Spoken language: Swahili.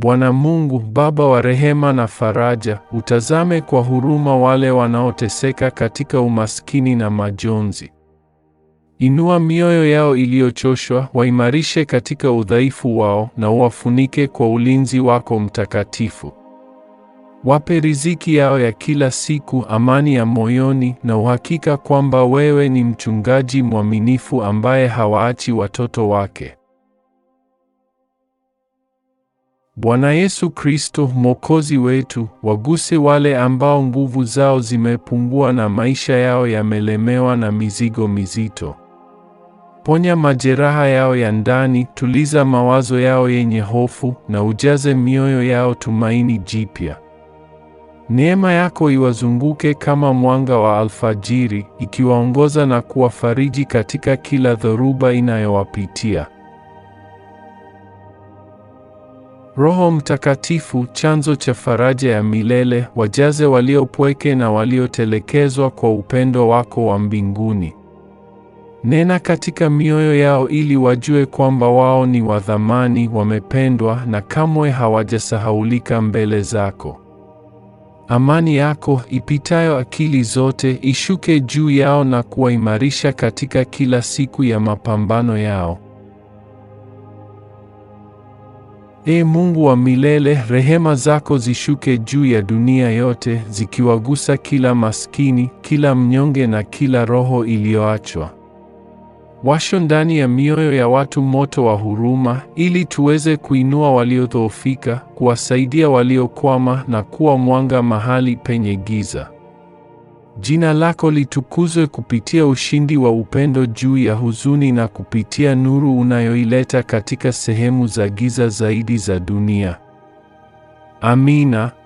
Bwana Mungu Baba wa rehema na faraja, utazame kwa huruma wale wanaoteseka katika umaskini na majonzi. Inua mioyo yao iliyochoshwa, waimarishe katika udhaifu wao, na uwafunike kwa ulinzi wako mtakatifu. Wape riziki yao ya kila siku, amani ya moyoni, na uhakika kwamba wewe ni mchungaji mwaminifu ambaye hawaachi watoto wake. Bwana Yesu Kristo Mwokozi wetu, waguse wale ambao nguvu zao zimepungua na maisha yao yamelemewa na mizigo mizito. Ponya majeraha yao ya ndani, tuliza mawazo yao yenye hofu na ujaze mioyo yao tumaini jipya. Neema yako iwazunguke kama mwanga wa alfajiri, ikiwaongoza na kuwafariji katika kila dhoruba inayowapitia. Roho Mtakatifu, chanzo cha faraja ya milele, wajaze waliopweke na waliotelekezwa kwa upendo wako wa mbinguni. Nena katika mioyo yao ili wajue kwamba wao ni wa thamani, wamependwa na kamwe hawajasahaulika mbele zako. Amani yako ipitayo akili zote ishuke juu yao na kuwaimarisha katika kila siku ya mapambano yao. e Mungu wa milele, rehema zako zishuke juu ya dunia yote, zikiwagusa kila maskini, kila mnyonge na kila roho iliyoachwa. Washo ndani ya mioyo ya watu moto wa huruma, ili tuweze kuinua waliodhoofika, kuwasaidia waliokwama na kuwa mwanga mahali penye giza. Jina lako litukuzwe kupitia ushindi wa upendo juu ya huzuni na kupitia nuru unayoileta katika sehemu za giza zaidi za dunia. Amina.